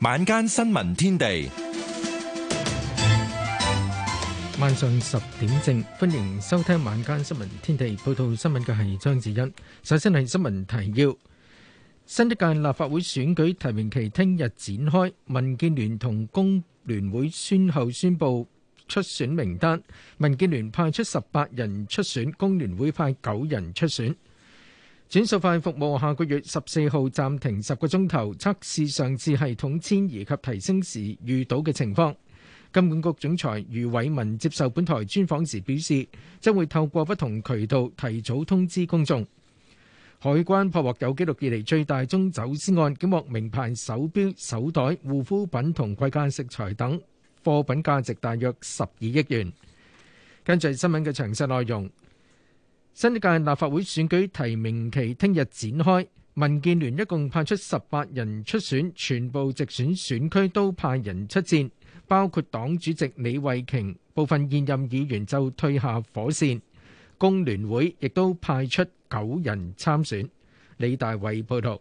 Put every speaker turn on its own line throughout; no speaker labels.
晚間新聞天地，晚上十點正，
歡迎收聽晚間新聞天地。報道新聞嘅係張智欣。首先係新聞提要：新一屆立法會選舉提名期聽日展開，民建聯同工聯會先後宣布出選名單。民建聯派出十八人出選，工聯會派九人出選。轉數快服務下個月十四號暫停十個鐘頭測試上次系統遷移及提升時遇到嘅情況。金管局總裁余偉文接受本台專訪時表示，將會透過不同渠道提早通知公眾。海關破獲有紀錄以嚟最大宗走私案，檢獲名牌手錶、手袋、護膚品同貴價食材等貨品，價值大約十二億元。跟住新聞嘅詳細內容。新一屆立法會選舉提名期聽日展開，民建聯一共派出十八人出選，全部直選選區都派人出戰，包括黨主席李慧瓊。部分現任議員就退下火線，工聯會亦都派出九人參選。李大偉報道，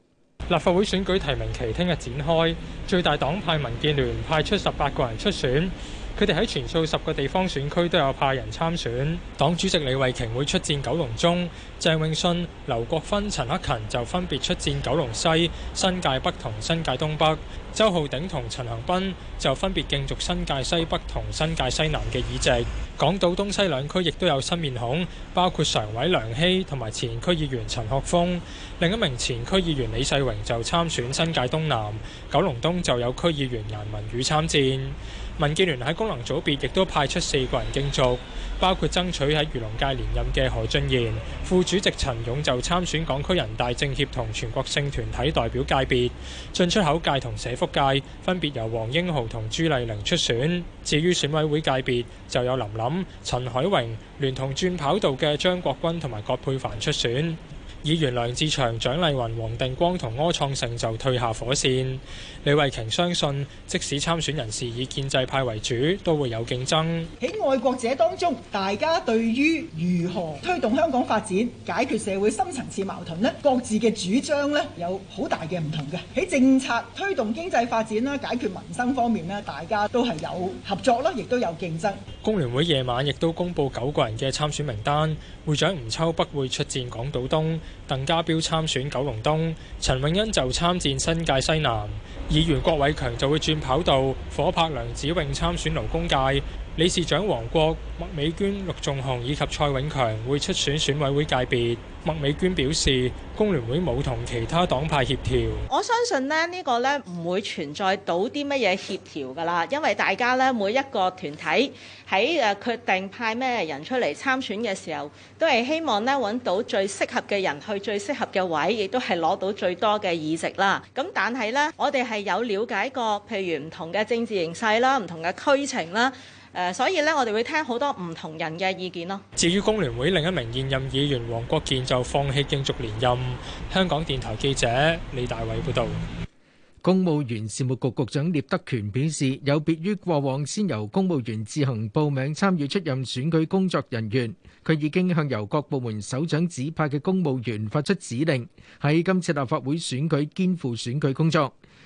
立法會選舉提名期聽日展開，最大黨派民建聯派出十八個人出選。佢哋喺全數十個地方選區都有派人參選，黨主席李慧瓊會出戰九龍中，鄭永信、劉國勳、陳克勤就分別出戰九龍西、新界北同新界東北。周浩鼎同陳恆斌就分別競逐新界西北同新界西南嘅議席。港島東西兩區亦都有新面孔，包括常委梁熙同埋前區議員陳學峰。另一名前區議員李世榮就參選新界東南，九龍東就有區議員顏文宇參戰。民建聯喺功能組別亦都派出四個人競逐，包括爭取喺漁農界連任嘅何俊賢，副主席陳勇就參選港區人大政協同全國性團體代表界別，進出口界同社福界分別由黃英豪同朱麗玲出選。至於選委會界別就有林琳、陳海榮，聯同轉跑道嘅張國軍同埋葛珮帆出選。議員梁志祥、蔣麗芸、黃定光同柯創成就退下火線。李慧瓊相信，即使參選人士以建制派為主，都會有競爭。
喺愛國者當中，大家對於如何推動香港發展、解決社會深層次矛盾咧，各自嘅主張咧有好大嘅唔同嘅。喺政策推動經濟發展啦、解決民生方面咧，大家都係有合作咯，亦都有競爭。
工聯會夜晚亦都公布九個人嘅參選名單，會長吳秋北會出戰港島東。鄧家彪參選九龍東，陳穎欣就參戰新界西南，議員郭偉強就會轉跑道，伙拍梁子穎參選勞工界。理事長王國、麥美娟、陸仲雄以及蔡永強會出選選委會界別。麥美娟表示，工聯會冇同其他黨派協調。
我相信呢，呢個呢，唔會存在到啲乜嘢協調噶啦，因為大家呢，每一個團體喺誒決定派咩人出嚟參選嘅時候，都係希望呢揾到最適合嘅人去最適合嘅位，亦都係攞到最多嘅議席啦。咁但係呢，我哋係有了解過，譬如唔同嘅政治形勢啦，唔同嘅區情啦。誒，所以咧，我哋會聽好多唔同人嘅意見咯。
至於工聯會另一名現任議員黃國健就放棄競逐連任。香港電台記者李大偉報導。
公務員事務局局長聶德權表示，有別於過往先由公務員自行報名參與出任選舉工作人員，佢已經向由各部門首長指派嘅公務員發出指令，喺今次立法會選舉肩負選舉工作。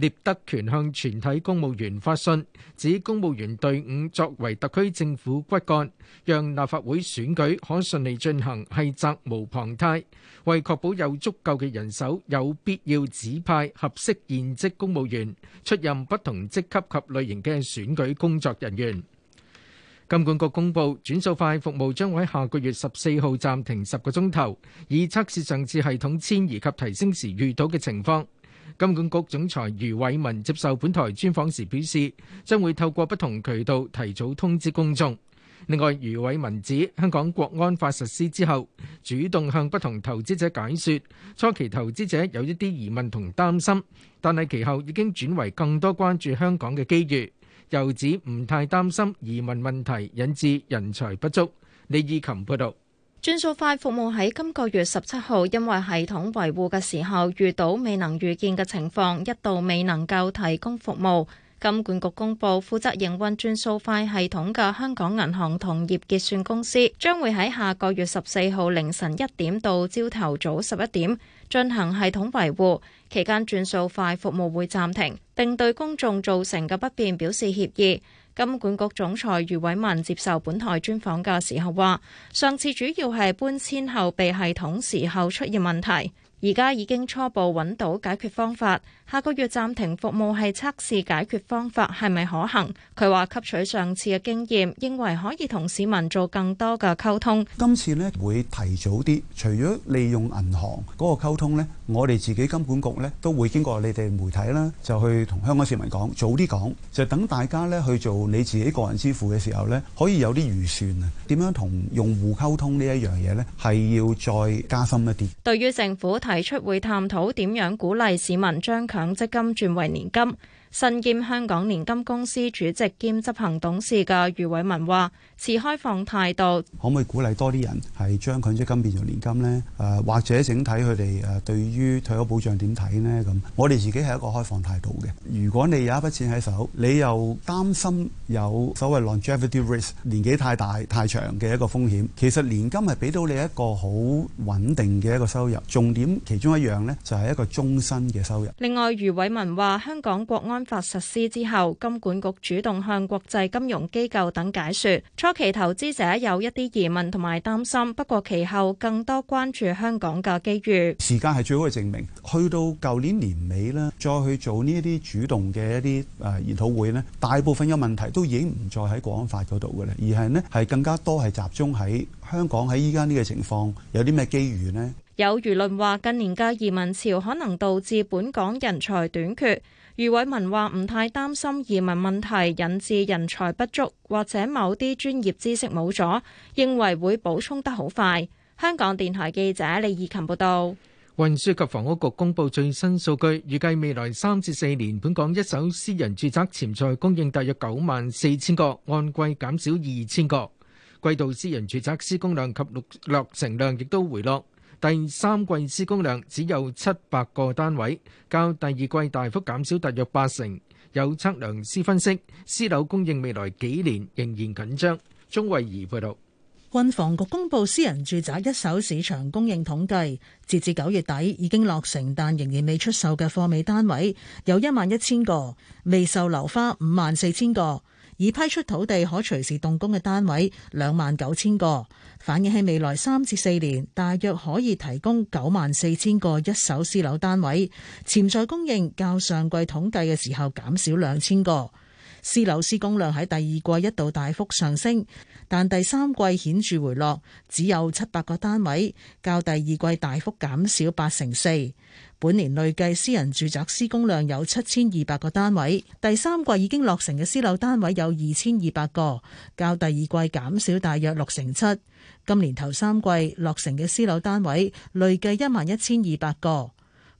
聶德權向全體公務員發信，指公務員隊伍作為特區政府骨幹，讓立法會選舉可順利進行係責無旁貸。為確保有足夠嘅人手，有必要指派合適現職公務員出任不同職級及類型嘅選舉工作人員。金管局公布，轉數快服務將喺下個月十四號暫停十個鐘頭，以測試上次系統遷移及提升時遇到嘅情況。金管局總裁余偉文接受本台專訪時表示，將會透過不同渠道提早通知公眾。另外，余偉文指香港國安法實施之後，主動向不同投資者解說，初期投資者有一啲疑問同擔心，但係其後已經轉為更多關注香港嘅機遇。又指唔太擔心移民問題引致人才不足。李以琴報道。
轉數快服務喺今個月十七號，因為系統維護嘅時候遇到未能預見嘅情況，一度未能夠提供服務。金管局公布，負責營運轉數快系統嘅香港銀行同業結算公司，將會喺下個月十四號凌晨一點到朝頭早十一點進行系統維護，期間轉數快服務會暫停，並對公眾造成嘅不便表示歉意。金管局總裁余偉文接受本台專訪嘅時候話，上次主要係搬遷後備系統時候出現問題，而家已經初步揾到解決方法。下個月暫停服務係測試解決方法係咪可行？佢話吸取上次嘅經驗，認為可以同市民做更多嘅
溝通。今次咧會提早啲，除咗利用銀行嗰個溝通呢我哋自己金管局呢都會經過你哋媒體啦，就去同香港市民講，早啲講，就等大家呢去做你自己個人支付嘅時候呢，可以有啲預算啊。點樣同用戶溝通呢一樣嘢呢？係要再加深一啲。
對於政府提出會探討點樣鼓勵市民將強。強積金轉為年金。身兼香港年金公司主席兼執行董事嘅余偉文話：持開放態度，
可唔可以鼓勵多啲人係將強積金變做年金咧？誒或者整體佢哋誒對於退休保障點睇咧？咁我哋自己係一個開放態度嘅。如果你有一筆錢喺手，你又擔心有所謂 longevity risk 年紀太大太長嘅一個風險，其實年金係俾到你一個好穩定嘅一個收入。重點其中一樣咧就係一個終身嘅收入。
另外，余偉文話香港國安。法實施之後，金管局主動向國際金融機構等解說，初期投資者有一啲疑問同埋擔心，不過其後更多關注香港嘅機遇。
時間係最好嘅證明。去到舊年年尾咧，再去做呢一啲主動嘅一啲誒、呃、研討會咧，大部分嘅問題都已經唔再喺《國安法》嗰度嘅啦，而係咧係更加多係集中喺香港喺依家呢個情況有啲咩機遇咧？
有輿論話，近年嘅移民潮可能導致本港人才短缺。余偉文話：唔太擔心移民問題引致人才不足，或者某啲專業知識冇咗，認為會補充得好快。香港電台記者李義勤報道。
運輸及房屋局公布最新數據，預計未來三至四年，本港一手私人住宅潛在供應大約九萬四千個，按季減少二千個。季度私人住宅施工量及落成量亦都回落。第三季施工量只有七百個單位，較第二季大幅減少，大約八成。有測量師分析，私樓供應未來幾年仍然緊張。鍾慧儀報道。
運房局公布私人住宅一手市場供應統計，截至九月底已經落成但仍然未出售嘅貨尾單位有一萬一千個，未售樓花五萬四千個。已批出土地可隨時動工嘅單位兩萬九千個，反映喺未來三至四年大約可以提供九萬四千個一手私樓單位，潛在供應較上季統計嘅時候減少兩千個。私樓施工量喺第二季一度大幅上升，但第三季顯著回落，只有七百個單位，較第二季大幅減少八成四。本年累計私人住宅施工量有七千二百個單位，第三季已經落成嘅私樓單位有二千二百個，較第二季減少大約六成七。今年頭三季落成嘅私樓單位累計一萬一千二百個。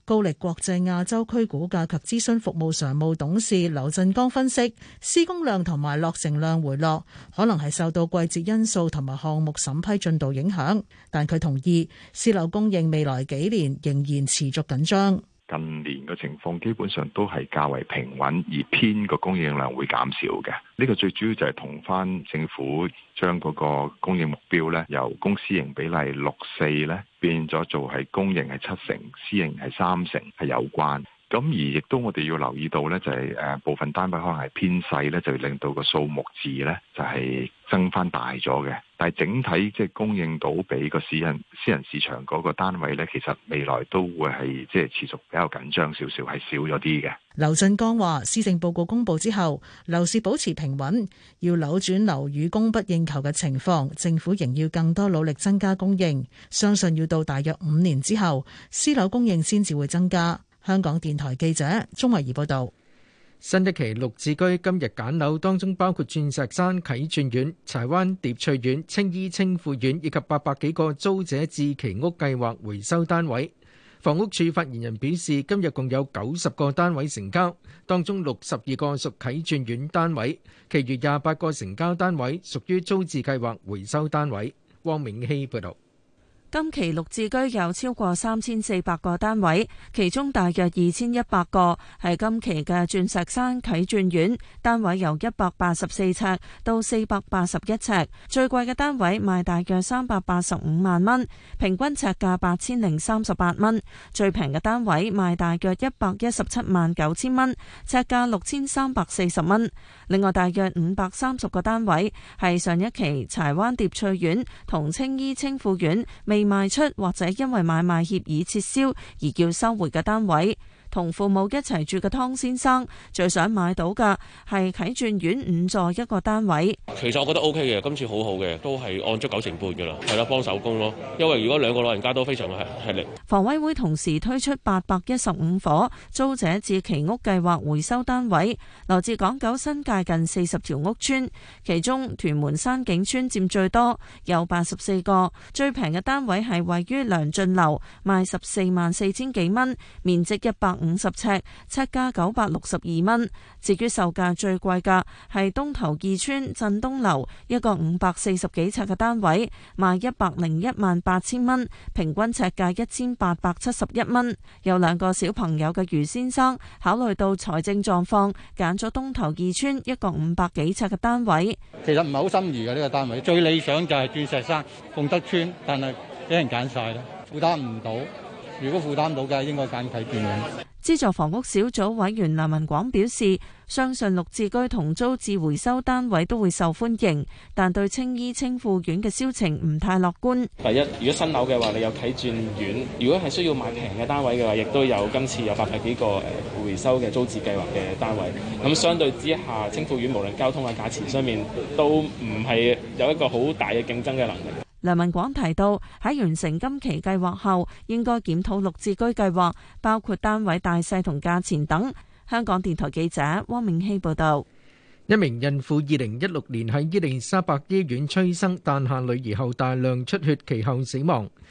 高力國際亞洲區股價及諮詢服務常務董事劉振剛分析，施工量同埋落成量回落，可能係受到季節因素同埋項目審批進度影響。但佢同意，私樓供應未來幾年仍然持續緊張。
近年嘅情況基本上都係較為平穩，而偏個供應量會減少嘅。呢、這個最主要就係同翻政府將嗰個供應目標呢，由公私營比例六四呢變咗做係公營係七成，私營係三成係有關，咁而亦都，我哋要留意到咧，就係誒部分單位可能係偏細咧，就令到個數目字咧就係增翻大咗嘅。但係整體即係供應到俾個私人私人市場嗰個單位咧，其實未來都會係即係持續比較緊張少少，係少咗啲嘅。
劉振剛話，施政報告公布之後，樓市保持平穩，要扭轉樓宇供不應求嘅情況，政府仍要更多努力增加供應。相信要到大約五年之後，私樓供應先至會增加。香港電台記者鍾慧怡報道：新一期
綠置居今日揀樓當中，包括鑽石山啟鑽苑、柴灣蝶翠苑、青衣青富苑以及八百幾個租者置其屋計劃回收單位。房屋署發言人表示，今日共有九十個單位成交，當中六十二個屬啟鑽苑單位，其餘廿八個成交單位屬於租置計劃回收單位。汪明希報道。
今期綠置居有超過三千四百個單位，其中大約二千一百個係今期嘅鑽石山啟鑽苑。單位由一百八十四尺到四百八十一尺，最貴嘅單位賣大約三百八十五萬蚊，平均尺價八千零三十八蚊；最平嘅單位賣大約一百一十七萬九千蚊，尺價六千三百四十蚊。另外大約五百三十個單位係上一期柴灣蝶翠苑同青衣青富苑未賣出或者因為買賣協議撤銷而要收回嘅單位。同父母一齊住嘅湯先生最想買到嘅係啟鑽苑五座一個單位。
其實我覺得 O K 嘅，今次好好嘅，都係按足九成半嘅啦，係啦，幫手工咯。因為如果兩個老人家都非常係力。
房委會同時推出八百一十五伙租者置其屋計劃回收單位，來自港九新界近四十條屋邨，其中屯門山景邨佔最多，有八十四個。最平嘅單位係位於良俊樓，賣十四萬四千幾蚊，面積一百五十尺，尺價九百六十二蚊。至於售價最貴嘅係東頭二村振東樓一個五百四十幾尺嘅單位，賣一百零一萬八千蚊，平均尺價一千八百七十一蚊。有兩個小朋友嘅余先生考慮到財政狀況，考慮到財政狀況，揀咗東頭二村一個五百幾尺嘅單位。
其實唔係好心儀嘅呢個單位，最理想就係鑽石山鳳德村，但係俾人揀晒啦，負擔唔到。如果負擔到嘅，應該揀睇電影。
資助房屋小組委員林文廣表示，相信綠置居同租置回收單位都會受歡迎，但對青衣青富苑嘅銷情唔太樂觀。
第一，如果新樓嘅話，你有啟鑽苑；如果係需要買平嘅單位嘅話，亦都有今次有百幾個誒回收嘅租置計劃嘅單位。咁相對之下，青富苑無論交通或價錢上面都唔係有一個好大嘅競爭嘅能力。
梁文廣提到，喺完成今期計劃後，應該檢討六字居計劃，包括單位大細同價錢等。香港電台記者汪明希報道，一名孕婦2016年喺伊麗莎白醫院催生誕
下女兒後大量出血，其後死亡。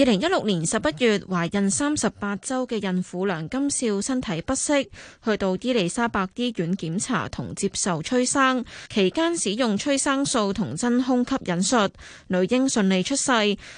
二零一六年十一月，懷孕三十八周嘅孕婦梁金少身體不適，去到伊利沙伯醫院檢查同接受催生，期間使用催生素同真空吸引術，女嬰順利出世。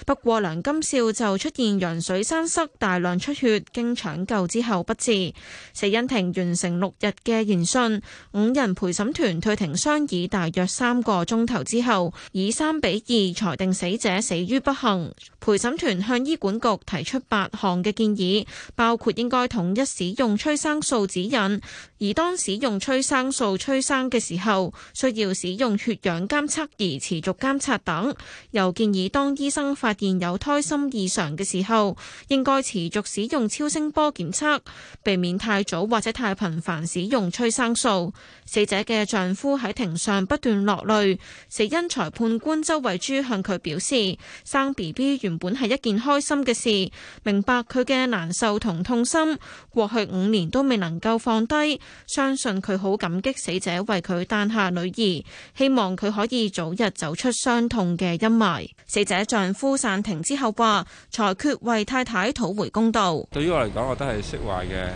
不過梁金少就出現羊水栓塞、大量出血，經搶救之後不治。死因庭完成六日嘅研訊，五人陪審團退庭商議大約三個鐘頭之後，以三比二裁定死者死於不幸。陪審團向醫管局提出八項嘅建議，包括應該統一使用催生素指引，而當使用催生素催生嘅時候，需要使用血氧監測儀持續監測等。又建議當醫生發現有胎心異常嘅時候，應該持續使用超聲波檢測，避免太早或者太頻繁使用催生素。死者嘅丈夫喺庭上不斷落淚，死因裁判官周慧珠向佢表示，生 B B 原本係一件。開心嘅事，明白佢嘅難受同痛心，過去五年都未能夠放低，相信佢好感激死者為佢誕下女兒，希望佢可以早日走出傷痛嘅陰霾。死者丈夫散庭之後話，裁決為太太討回公道。
對於我嚟講，我都係釋懷嘅，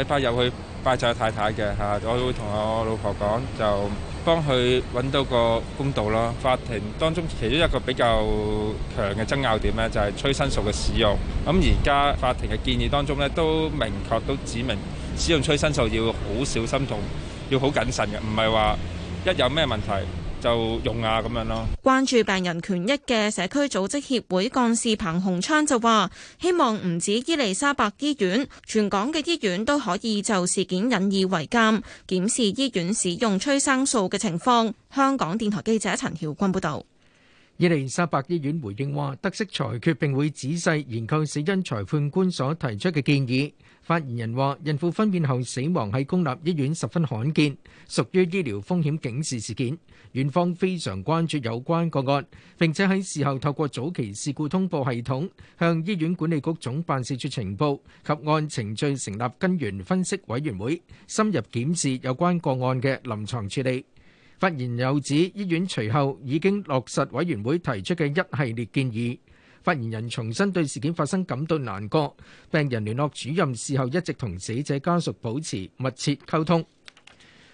禮拜入去。拜祭的太太嘅嚇，我會同我老婆講，就幫佢揾到個公道咯。法庭當中其中一個比較強嘅爭拗點呢，就係催生素嘅使用。咁而家法庭嘅建議當中呢，都明確都指明使用催生素要好小心同，要好謹慎嘅，唔係話一有咩問題，就用啊咁樣咯。
關注病人權益嘅社區組織協會幹事彭洪昌就話，希望唔止伊利沙伯醫院，全港嘅醫院都可以就事件引以為鑑檢視醫院使用催生素嘅情況，香港電台記者陳曉君報道。
伊利沙伯醫院回應話得悉裁決並會仔細研究死因裁判官所提出嘅建議。發言人話，孕婦分娩後死亡喺公立醫院十分罕見，屬於醫療風險警示事件。院方非常關注有關個案，並且喺事後透過早期事故通報系統向醫院管理局總辦事處呈報，及按程序成立根源分析委員會，深入檢視有關個案嘅臨床處理。發言又指，醫院隨後已經落實委員會提出嘅一系列建議。發言人重新對事件發生感到難過。病人聯絡主任，事後一直同死者家屬保持密切溝通。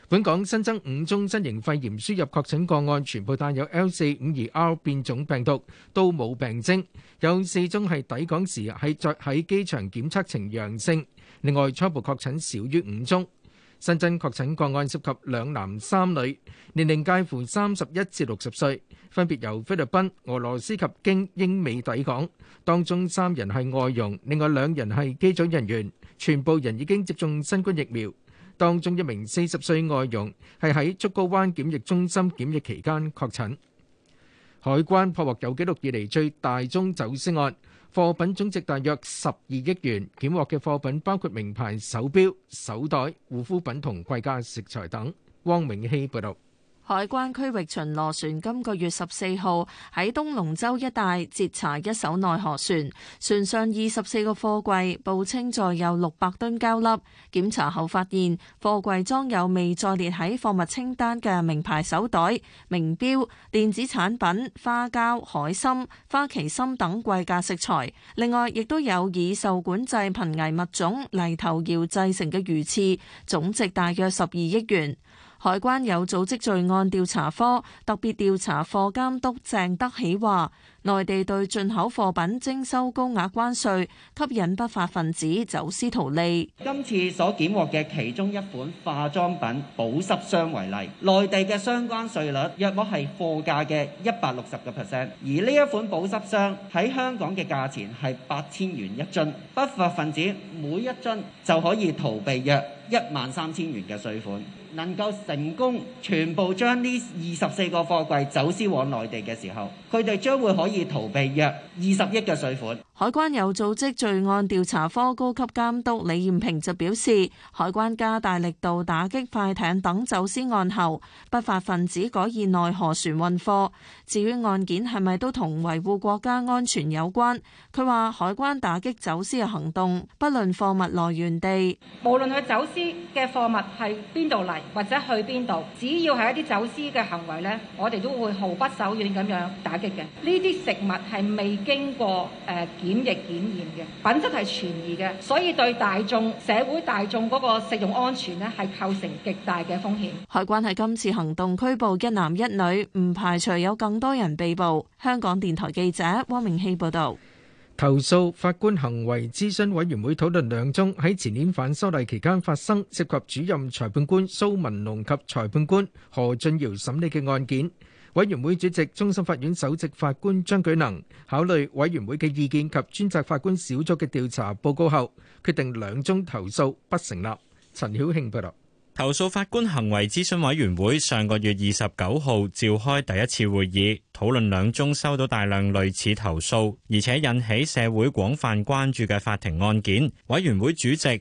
本港新增五宗新型肺炎輸入確診個案，全部帶有 L 四五二 R 變種病毒，都冇病徵。有四宗係抵港時係在喺機場檢測呈陽性，另外初步確診少於五宗。新增確診個案涉及兩男三女，年齡介乎三十一至六十歲。分別由菲律賓、俄羅斯及經英美抵港，當中三人係外傭，另外兩人係機組人員，全部人已經接種新冠疫苗。當中一名四十歲外傭係喺竹篙灣檢疫中心檢疫期間確診。海關破獲有記錄以嚟最大宗走私案，貨品總值大約十二億元，檢獲嘅貨品包括名牌手錶、手袋、護膚品同貴價食材等。汪明熙報導。
海關區域巡邏船今個月十四號喺東龍洲一帶截查一艘內河船，船上二十四個貨櫃，報稱載有六百噸膠粒。檢查後發現，貨櫃裝有未載列喺貨物清單嘅名牌手袋、名錶、電子產品、花膠、海參、花旗參等貴價食材。另外，亦都有以受管制瀕危物種犁頭鰩製成嘅魚翅，總值大約十二億元。海關有組織罪案調查科特別調查課監督鄭德喜話，內地對進口貨品徵收高額關稅，吸引不法分子走私逃利。
今次所檢獲嘅其中一款化妝品保濕霜為例，內地嘅相關稅率約莫係貨價嘅一百六十個 percent，而呢一款保濕霜喺香港嘅價錢係八千元一樽，不法分子每一樽就可以逃避約一萬三千元嘅稅款。能夠成功，全部將呢二十四個貨櫃走私往內地嘅時候。佢哋將會可以逃避約二十億嘅稅款。
海關有組織罪案調查科高級監督李豔平就表示，海關加大力度打擊快艇等走私案後，不法分子改以內河船運貨。至於案件係咪都同維護國家安全有關，佢話海關打擊走私嘅行動，不論貨物來源地，
無論佢走私嘅貨物係邊度嚟或者去邊度，只要係一啲走私嘅行為呢，我哋都會毫不手軟咁樣打擊。呢啲食物係未經過誒，檢疫檢驗嘅，品質係存疑嘅，所以對大眾社會大眾嗰個食用安全呢係構成
極大嘅風險。海關喺今次行動拘捕一男一女，唔排除有更多人被捕。香港電台記者汪明希報導。
投訴法官行為諮詢委員會討論兩宗喺前年反修例期間發生，涉及主任裁判官蘇文龍及裁判官何俊堯審理嘅案件。委員會主席、終審法院首席法官張舉能考慮委員會嘅意見及專責法官小組嘅調查報告後，決定兩宗投訴不成立。陳曉慶報道，
投訴法官行為諮詢委員會上個月二十九號召開第一次會議，討論兩宗收到大量類似投訴，而且引起社會廣泛關注嘅法庭案件。委員會主席。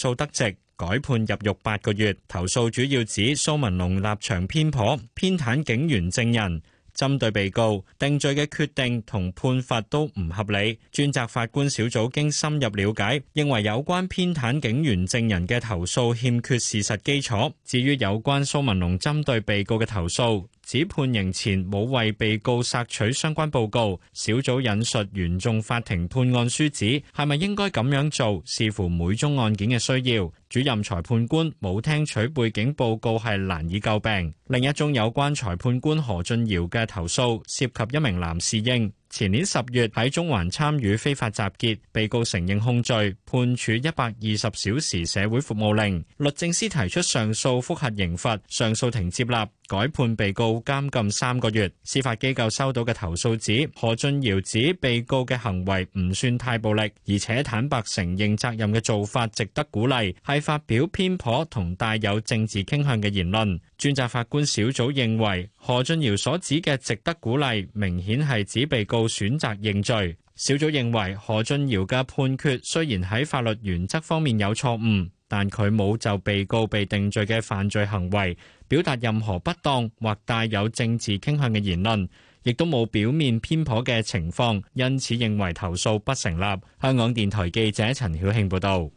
訴得直，改判入獄八個月。投訴主要指蘇文龍立場偏頗、偏袒警員證人，針對被告定罪嘅決定同判罰都唔合理。專責法官小組經深入了解，認為有關偏袒警員證人嘅投訴欠缺事實基礎。至於有關蘇文龍針對被告嘅投訴，指判刑前冇為被告索取相關報告，小組引述原訟法庭判案書指，係咪應該咁樣做，視乎每宗案件嘅需要。主任裁判官冇聽取背景報告係難以救病。另一宗有關裁判官何俊堯嘅投訴，涉及一名男侍應，前年十月喺中環參與非法集結，被告承認控罪，判處一百二十小時社會服務令。律政司提出上訴，復核刑罰，上訴庭接納。改判被告監禁三個月。司法機構收到嘅投訴指，何俊堯指被告嘅行為唔算太暴力，而且坦白承認責任嘅做法值得鼓勵，係發表偏頗同帶有政治傾向嘅言論。專責法官小組認為，何俊堯所指嘅值得鼓勵，明顯係指被告選擇認罪。小組認為，何俊堯嘅判決雖然喺法律原則方面有錯誤。但佢冇就被告被定罪嘅犯罪行為表達任何不當或帶有政治傾向嘅言論，亦都冇表面偏頗嘅情況，因此認為投訴不成立。香港電台記者
陳曉慶報導。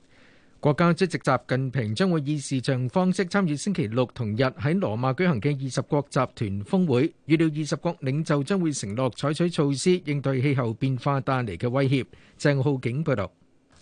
國家主席習近平將會以視像方式參與星期六同日喺羅馬舉行嘅二十國集團峯會，預料二十國領袖將會承諾採取措施應對氣候變化帶嚟嘅威脅。鄭浩景報導。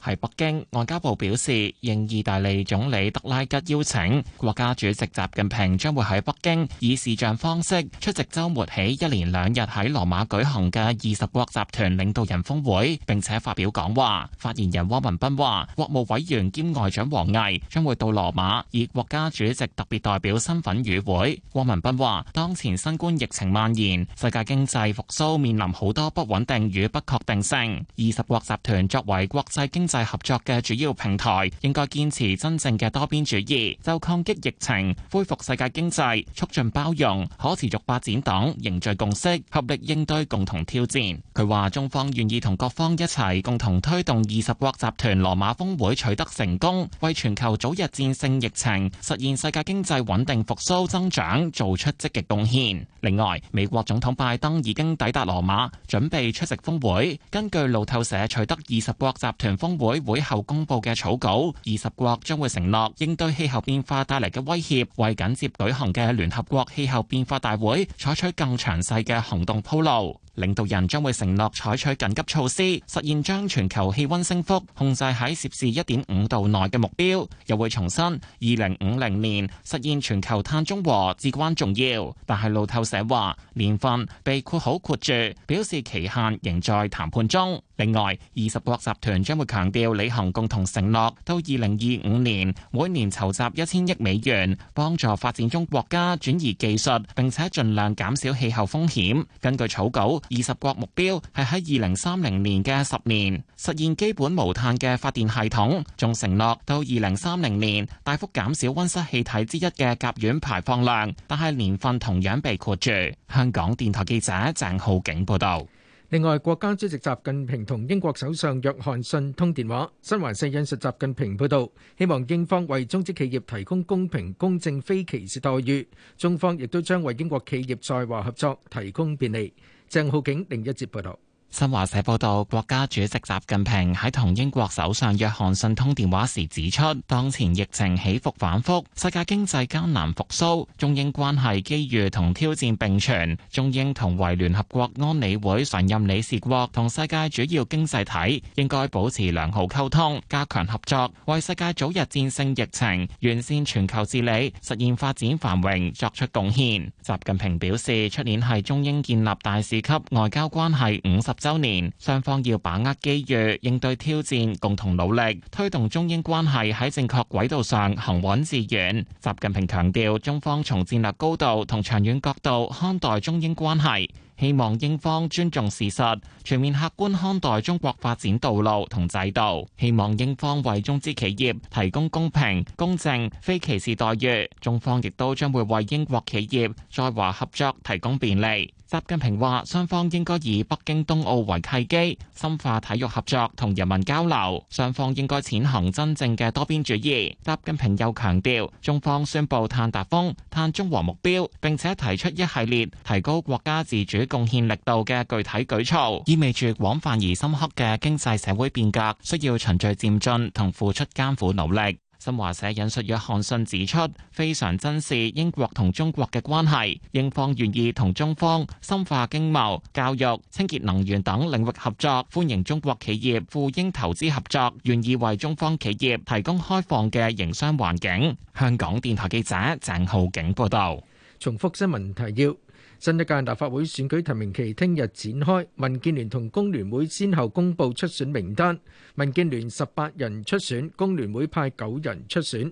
喺北京，外交部表示，應意大利總理德拉吉邀請，國家主席習近平將會喺北京以視像方式出席周末起一連兩日喺羅馬舉行嘅二十國集團領導人峯會，並且發表講話。發言人汪文斌話，國務委員兼外長王毅將會到羅馬以國家主席特別代表身份與會。汪文斌話，當前新冠疫情蔓延，世界經濟復甦面臨好多不穩定與不確定性。二十國集團作為國際經濟國際合作嘅主要平台，應該堅持真正嘅多邊主義。就抗擊疫情、恢復世界經濟、促進包容可持續發展等，凝聚共識，合力應對共同挑戰。佢話中方願意同各方一齊，共同推動二十國集團羅馬峰會取得成功，為全球早日戰勝疫情、實現世界經濟穩定復甦增長做出積極貢獻。另外，美國總統拜登已經抵達羅馬，準備出席峰會。根據路透社取得，二十國集團峰會。會會後公布嘅草稿，二十國將會承諾應對氣候變化帶嚟嘅威脅，為緊接舉行嘅聯合國氣候變化大會採取更詳細嘅行動鋪路。領導人將會承諾採取緊急措施，實現將全球氣溫升幅控制喺攝氏一點五度內嘅目標。又會重申，二零五零年實現全球碳中和至關重要。但係路透社話，年份被括號括住，表示期限仍在談判中。另外，二十國集團將會強調履行共同承諾，到二零二五年每年籌集一千億美元，幫助發展中國家轉移技術，並且盡量減少氣候風險。根據草稿。二十國目標係喺二零三零年嘅十年實現基本無碳嘅發電系統，仲承諾到二零三零年大幅減少溫室氣體之一嘅甲烷排放量。但係年份同樣被括住。香港電台記者鄭浩景報道。
另外，國家主席習近平同英國首相約翰遜通電話。新華社引述習近平報道，希望英方為中資企業提供公平、公正、非歧視待遇，中方亦都將為英國企業在華合作提供便利。鄭浩景另一節報道。
新華社報道，國家主席習近平喺同英國首相約翰遜通電話時指出，當前疫情起伏反覆，世界經濟艱難復甦，中英關係機遇同挑戰並存。中英同為聯合國安理會常任理事國同世界主要經濟體，應該保持良好溝通，加強合作，為世界早日戰勝疫情、完善全球治理、實現發展繁榮作出貢獻。習近平表示，出年係中英建立大使級外交關係五十。周年，雙方要把握機遇，應對挑戰，共同努力，推動中英關係喺正確軌道上行穩致遠。習近平強調，中方從戰略高度同長遠角度看待中英關係。希望英方尊重事實，全面客觀看待中國發展道路同制度。希望英方為中資企業提供公平、公正、非歧視待遇。中方亦都將會為英國企業在華合作提供便利。習近平話：雙方應該以北京冬奧為契機，深化體育合作同人民交流。雙方應該踐行真正嘅多邊主義。習近平又強調，中方宣布碳達峰、碳中和目標，並且提出一系列提高國家自主。貢獻力度嘅具體舉措，意味住廣泛而深刻嘅經濟社會變革，需要循序漸進同付出艱苦努力。新華社引述約翰遜指出，非常珍視英國同中國嘅關係，英方願意同中方深化經貿、教育、清潔能源等領域合作，歡迎中國企業赴英投資合作，願意為中方企業提供開放嘅營商環境。香港電台記者鄭
浩景報道。重複新聞提要。新一屆立法會選舉提名期聽日展開，民建聯同工聯會先後公佈出選名單。民建聯十八人出選，工聯會派九人出選。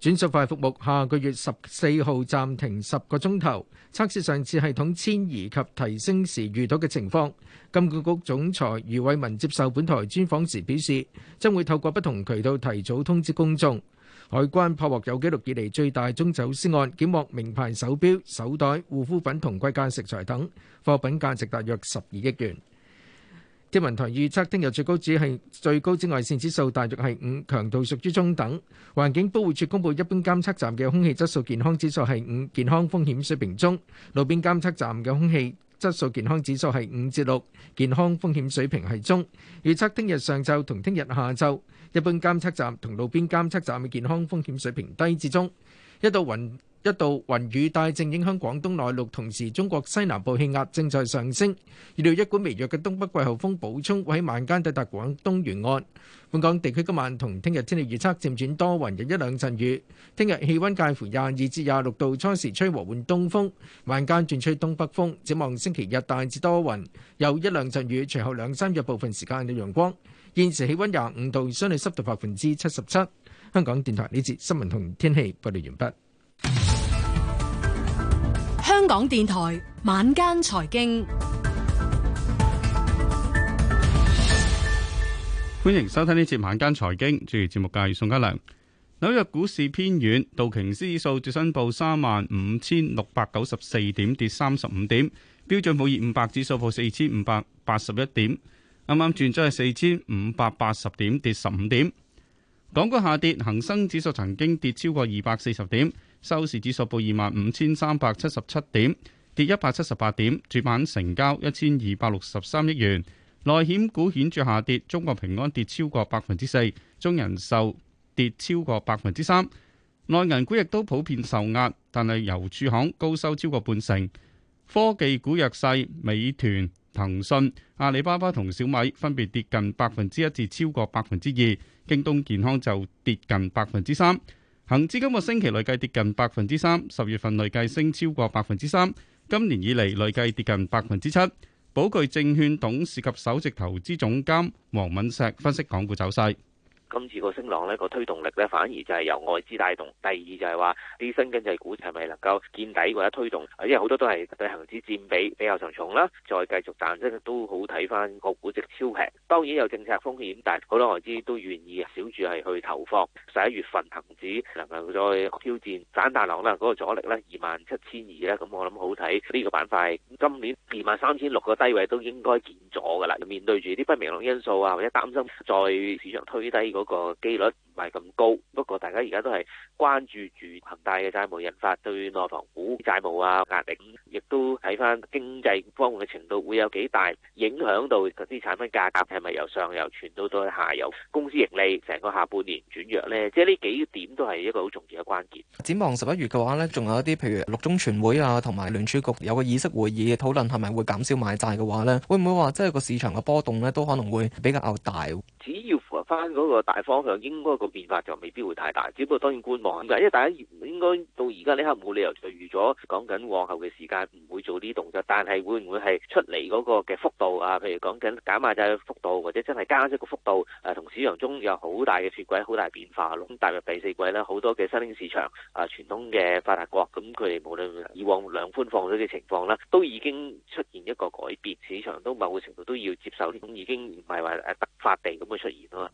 轉數快服務下個月十四號暫停十個鐘頭，測試上次系統遷移及提升時遇到嘅情況。金管局總裁余偉文接受本台專訪時表示，將會透過不同渠道提早通知公眾。海關破獲有紀錄以嚟，最大宗走私案，檢獲名牌手表、手袋、護膚品同貴價食材等，貨品價值大約十二億元。天文台預測聽日最高指係最高紫外線指數大約係五，強度屬於中等。環境保護署公布，一般監測站嘅空氣質素健康指數係五，健康風險水平中。路邊監測站嘅空氣。質素健康指數係五至六，健康風險水平係中。預測聽日上晝同聽日下晝，一般監測站同路邊監測站嘅健康風險水平低至中，一度雲。一道雲雨帶正影響廣東內陸，同時中國西南部氣壓正在上升，預料一股微弱嘅東北季候風補充會喺晚間到達廣東沿岸。本港地區今晚同聽日天氣預測漸轉多雲，有一兩陣雨。聽日氣温介乎廿二至廿六度，初時吹和緩東風，晚間轉吹東北風。展望星期日大致多雲，有一兩陣雨，隨後兩三日部分時間有陽光。現時氣温廿五度，相對濕度百分之七十七。香港電台呢節新聞同天氣報道完畢。
香港電台晚間財經，
歡迎收聽呢節晚間財經。主持節目嘅係宋家良。紐約股市偏軟，道瓊斯指數最新報三萬五千六百九十四點，跌三十五點。標準普爾五百指數報四千五百八十一點，啱啱轉咗係四千五百八十點，跌十五點。港股下跌，恒生指數曾經跌超過二百四十點。收市指數報二萬五千三百七十七點，跌一百七十八點，主板成交一千二百六十三億元。內險股顯著下跌，中國平安跌超過百分之四，中人壽跌超過百分之三。內銀股亦都普遍受壓，但係郵儲行高收超過半成。科技股弱勢，美團、騰訊、阿里巴巴同小米分別跌近百分之一至超過百分之二，京東健康就跌近百分之三。恒指今個星期累計跌近百分之三，十月份累計升超過百分之三，今年以嚟累計跌近百分之七。寶具證券董事及首席投資總監黃敏石分析港股走勢。
今次個升浪咧個推動力咧反而就係由外資帶動。第二就係話啲新經濟股係咪能夠見底或者推動？因為好多都係對恒指佔比比較重重啦，再繼續賺即都好睇翻個估值超平。當然有政策風險，但係好多外資都願意少住係去投放。十一月份恒指能夠再挑戰反彈浪啦，嗰個阻力咧二萬七千二咧，咁我諗好睇呢個板塊。今年二萬三千六個低位都應該見咗㗎啦。面對住啲不明朗因素啊，或者擔心再市場推低。嗰個機率唔係咁高，不過大家而家都係關注住恒大嘅債務引發對內房股債務啊壓力，亦都睇翻經濟方面嘅程度會有幾大影響到嗰啲產品價格係咪由上游傳到到下游，公司盈利成個下半年轉弱呢？即係呢幾點都係一個好重要嘅關鍵。
展望十一月嘅話呢，仲有一啲譬如六中全會啊，同埋聯儲局有個議息會議嘅討論，係咪會減少買債嘅話呢，會唔會話即係個市場嘅波動呢都可能會比較大？
只要翻嗰個大方向，應該個變化就未必會太大，只不過當然觀望。因為大家應該到而家呢刻冇理由就預咗講緊往後嘅時間唔會做呢動作，但係會唔會係出嚟嗰個嘅幅度啊？譬如講緊減壓債嘅幅度，或者真係加息個幅度，誒、啊、同市場中有好大嘅脫鉤、好大變化咁、嗯、大約第四季呢，好多嘅新興市場啊，傳統嘅發達國，咁佢哋無論以往量寬放水嘅情況啦，都已經出現一個改變，市場都某個程度都要接受呢種已經唔係話誒突發地咁嘅出現啊。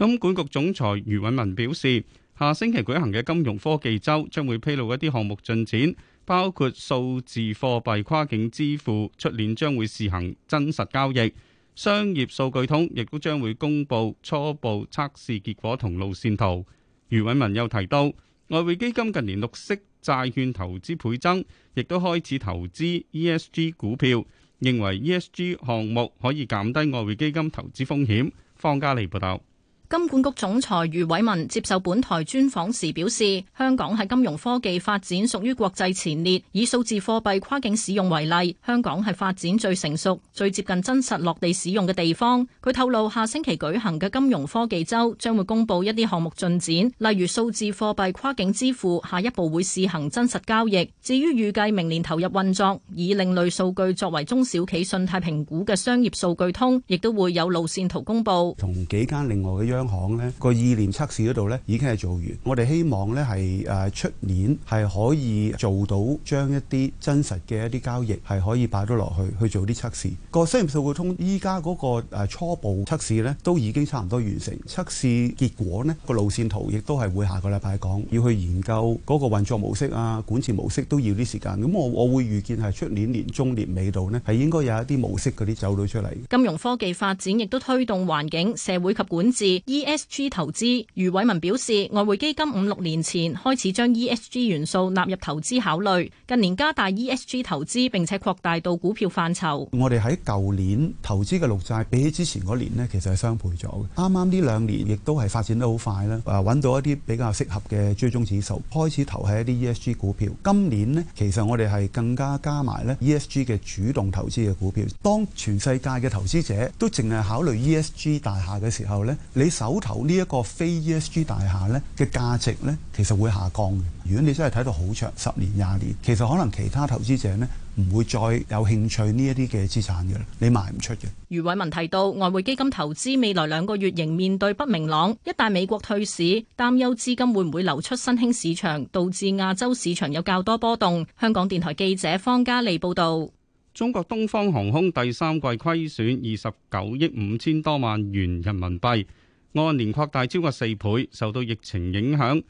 金管局總裁余偉文表示，下星期舉行嘅金融科技周將會披露一啲項目進展，包括數字貨幣跨境支付出年將會試行真實交易，商業數據通亦都將會公布初步測試結果同路線圖。余偉文又提到，外匯基金近年綠色債券投資倍增，亦都開始投資 ESG 股票，認為 ESG 項目可以減低外匯基金投資風險，方嘉利報道。
金管局總裁余偉文接受本台專訪時表示，香港喺金融科技發展屬於國際前列，以數字貨幣跨境使用為例，香港係發展最成熟、最接近真實落地使用嘅地方。佢透露，下星期舉行嘅金融科技周將會公布一啲項目進展，例如數字貨幣跨境支付下一步會試行真實交易。至於預計明年投入運作，以另類數據作為中小企信貸評估嘅商業數據通，亦都會有路線圖公布。
同幾間另外嘅央行咧個意念測試嗰度咧已經係做完，我哋希望咧係出年係可以做到將一啲真實嘅一啲交易係可以擺到落去去做啲測試。個商業數據通依家嗰個初步測試咧都已經差唔多完成，測試結果呢個路線圖亦都係會下個禮拜講，要去研究嗰個運作模式啊、管治模式都要啲時間。咁我我會預見係出年年中年尾度呢係應該有一啲模式嗰啲走到出嚟。
金融科技發展亦都推動環境、社會及管治。E S G 投資，余偉文表示，外匯基金五六年前開始將 E S G 元素納入投資考慮，近年加大 E S G 投資並且擴大到股票範疇。
我哋喺舊年投資嘅綠債比起之前嗰年呢，其實係雙倍咗嘅。啱啱呢兩年亦都係發展得好快啦。啊，揾到一啲比較適合嘅追蹤指數，開始投喺一啲 E S G 股票。今年呢，其實我哋係更加加埋咧 E S G 嘅主動投資嘅股票。當全世界嘅投資者都淨係考慮 E S G 大下嘅時候呢。你。手頭呢一個非 E S G 大廈呢嘅價值呢，其實會下降嘅。如果你真係睇到好長十年、廿年，其實可能其他投資者呢，唔會再有興趣呢一啲嘅資產嘅啦，你賣唔出嘅。
余偉文提到，外匯基金投資未來兩個月仍面對不明朗，一旦美國退市，擔憂資金會唔會流出新興市場，導致亞洲市場有較多波動。香港電台記者方嘉利報道。
中國東方航空第三季虧損二十九億五千多萬元人民幣。按年擴大超過四倍，受到疫情影響、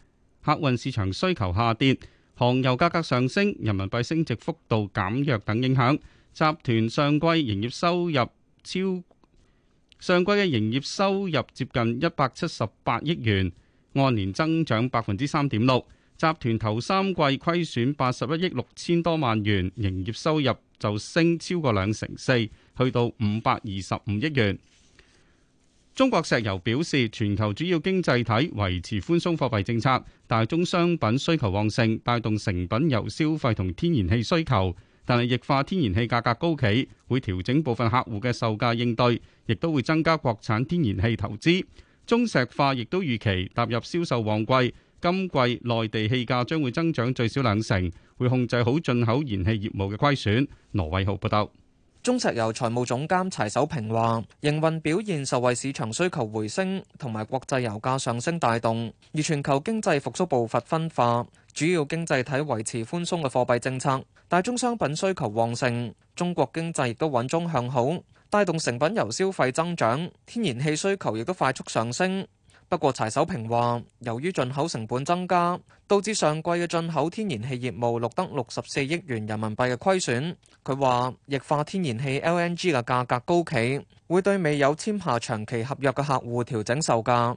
客運市場需求下跌、航油價格上升、人民幣升值幅度減弱等影響，集團上季營業收入超上季嘅營業收入接近一百七十八億元，按年增長百分之三點六。集團頭三季虧損八十一億六千多萬元，營業收入就升超過兩成四，去到五百二十五億元。中國石油表示，全球主要經濟體維持寬鬆貨幣政策，大宗商品需求旺盛，帶動成品油消費同天然氣需求。但係液化天然氣價格高企，會調整部分客戶嘅售價應對，亦都會增加國產天然氣投資。中石化亦都預期踏入銷售旺季，今季內地氣價將會增長最少兩成，會控制好進口燃氣業務嘅虧損。羅偉豪報道。
中石油財務總監柴守平話：營運表現受惠市場需求回升同埋國際油價上升帶動，而全球經濟復甦步伐分化，主要經濟體維持寬鬆嘅貨幣政策，大宗商品需求旺盛，中國經濟亦都穩中向好，帶動成品油消費增長，天然氣需求亦都快速上升。不過柴守平話，由於進口成本增加，導致上季嘅進口天然氣業務錄得六十四億元人民幣嘅虧損。佢話，液化天然氣 LNG 嘅價格高企，會對未有簽下長期合約嘅客戶調整售價。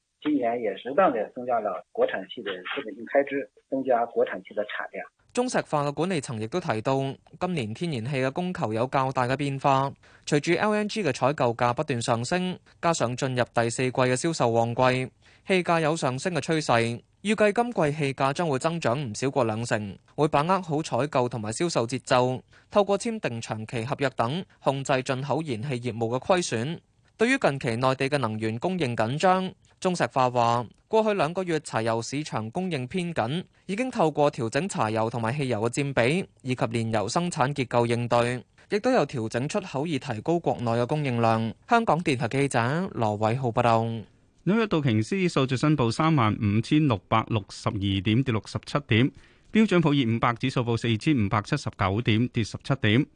今年也適當的增加了國產氣的資本性開支，增加國產氣的產量。
中石化嘅管理層亦都提到，今年天然氣嘅供求有較大嘅變化，隨住 LNG 嘅採購價不斷上升，加上進入第四季嘅銷售旺季，氣價有上升嘅趨勢。預計今季氣價將會增長唔少過兩成，會把握好採購同埋銷售節奏，透過簽訂長期合約等控制進口燃氣業務嘅虧損。對於近期內地嘅能源供應緊張，中石化話，過去兩個月，柴油市場供應偏緊，已經透過調整柴油同埋汽油嘅佔比，以及煉油生產結構應對，亦都有調整出口，以提高國內嘅供應量。
香港電台記者羅偉浩報道。紐約道瓊斯指數最新報三萬五千六百六十二點，跌六十七點；標準普爾五百指數報四千五百七十九點，跌十七點。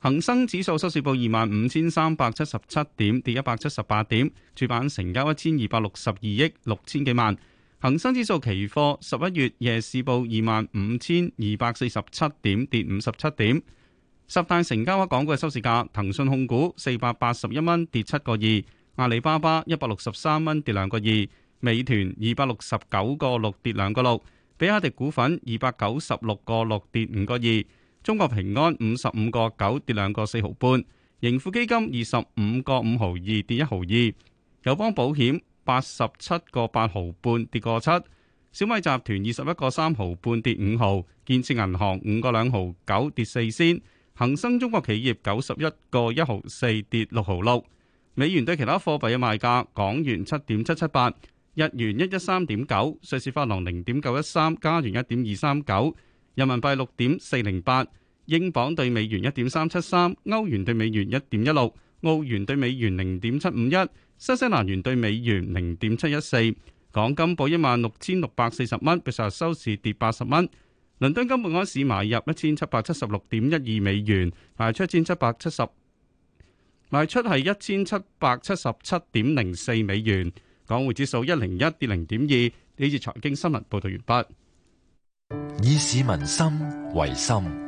恒生指數收市報二萬五千三百七十七點，跌一百七十八點。主板成交一千二百六十二億六千幾萬。恒生指數期貨十一月夜市報二萬五千二百四十七點，跌五十七點。十大成交額港股嘅收市價：騰訊控股四百八十一蚊，跌七個二；阿里巴巴一百六十三蚊，跌兩個二；美團二百六十九個六，跌兩個六；比亞迪股份二百九十六個六，跌五個二。中國平安五十五個九跌兩個四毫半，盈富基金二十五個五毫二跌一毫二，友邦保險八十七個八毫半跌個七，小米集團二十一個三毫半跌五毫，建設銀行五個兩毫九跌四仙，恒生中國企業九十一個一毫四跌六毫六。美元對其他貨幣嘅賣價，港元七點七七八，日元一一三點九，瑞士法郎零點九一三，加元一點二三九，人民幣六點四零八。英鎊兌美元一點三七三，歐元兌美元一點一六，澳元兌美元零點七五一，新西蘭元兌美元零點七一四。港金報一萬六千六百四十蚊，比上日收市跌八十蚊。倫敦金本港市買入一千七百七十六點一二美元，賣出一千七百七十，賣出係一千七百七十七點零四美元。港匯指數一零一跌零點二。呢節財經新聞報道完畢。以市民心為心。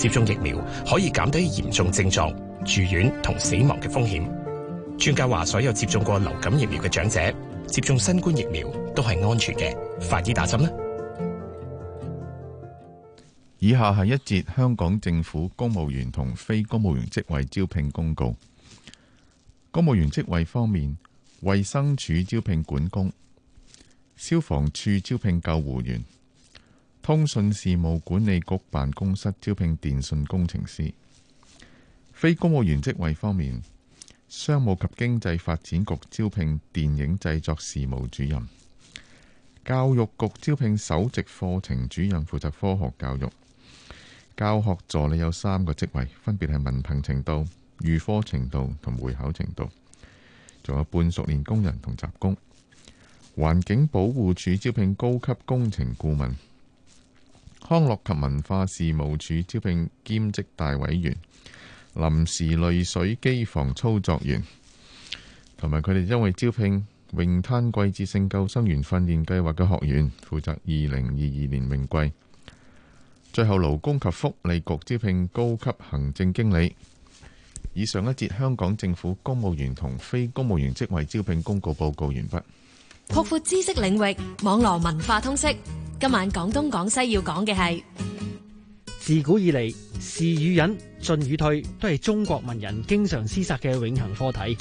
接種疫苗，可以減低嚴重症狀、住院同死亡嘅風險。專家話，所有接種過流感疫苗嘅長者，接種新
冠疫苗都係安全嘅。快啲打針啦！
以下係一節香港政府公務員同非公務員職位招聘公告。公務員職位方面，衛生署招聘管工，消防處招聘救護員。通訊事務管理局辦公室招聘電信工程師。非公務員職位方面，商務及經濟發展局招聘電影製作事務主任。教育局招聘首席課程主任，負責科學教育。教學助理有三個職位，分別係文憑程度、預科程度同會考程度，仲有半熟練工人同雜工。環境保護署招聘高級工程顧問。康樂及文化事務署招聘兼職大委員、臨時濾水機房操作員，同埋佢哋因為招聘泳灘季節性救生員訓練計劃嘅學員，負責二零二二年泳季。最後勞工及福利局招聘高級行政經理。以上一節香港政府公務員同非公務員職位招聘公告報告完畢。.
擴闊知識領域，網絡文化通識。今晚講東講西要講嘅係：
自古以嚟，事與忍、進與退，都係中國文人經常思索嘅永恆課題。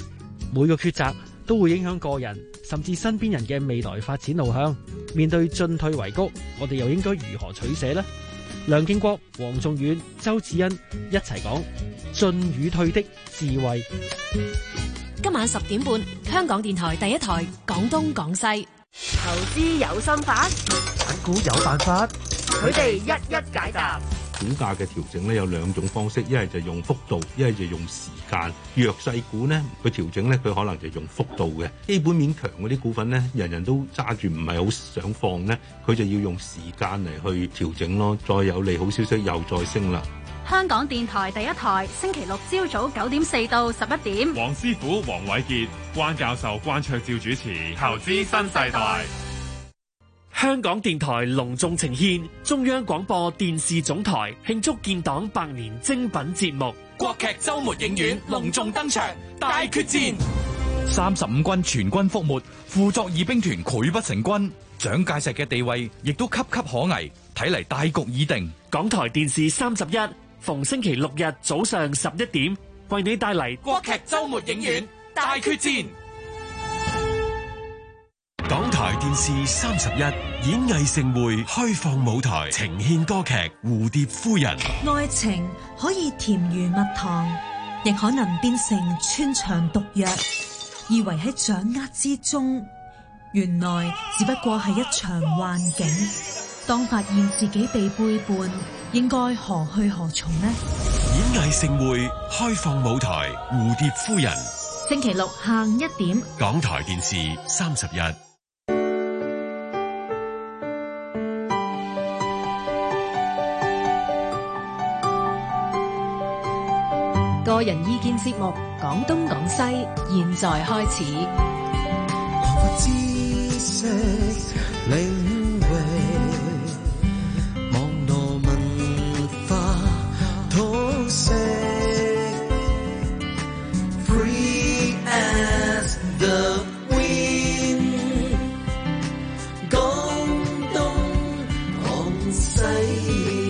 每個抉擇都會影響個人甚至身邊人嘅未來發展路向。面對進退維谷，我哋又應該如何取捨呢？梁建國、黃仲遠、周子恩一齊講進與退的智慧。
今晚十點半，香港電台第一台《廣東廣西》，投資有心法，
港股有辦法，
佢哋一一解答。
股價嘅調整咧有兩種方式，一係就用幅度，一係就用時間。弱勢股咧，佢調整咧，佢可能就用幅度嘅；基本面強嗰啲股份咧，人人都揸住唔係好想放咧，佢就要用時間嚟去調整咯。再有利好消息，又再升啦。
香港電台第一台星期六朝早九點四到十一點，
黃師傅、黃偉杰、關教授、關卓照主持《投資新世代》。香港電台隆重呈現中央廣播電視總台慶祝建黨百年精品節目《國劇周末影院》隆重登場，《大決戰》三十五軍全軍覆沒，傅作義兵團潰不成軍，蔣介石嘅地位亦都岌岌可危，睇嚟大局已定。
港台電視三十一。逢星期六日早上十一點，為你帶嚟歌劇周末影院大決戰。決戰
港台電視三十一，演藝盛會開放舞台，呈現歌劇《蝴蝶夫人》。
愛情可以甜如蜜糖，亦可能變成穿腸毒藥，以為喺掌握之中，原
來只不過係一場幻境。當發現自己被背叛。應該何去何從呢？
演藝盛會開放舞台，蝴蝶夫人。
星期六下午一點，
港台電視三十一。
個人意見節目，
講東講西，現在開始。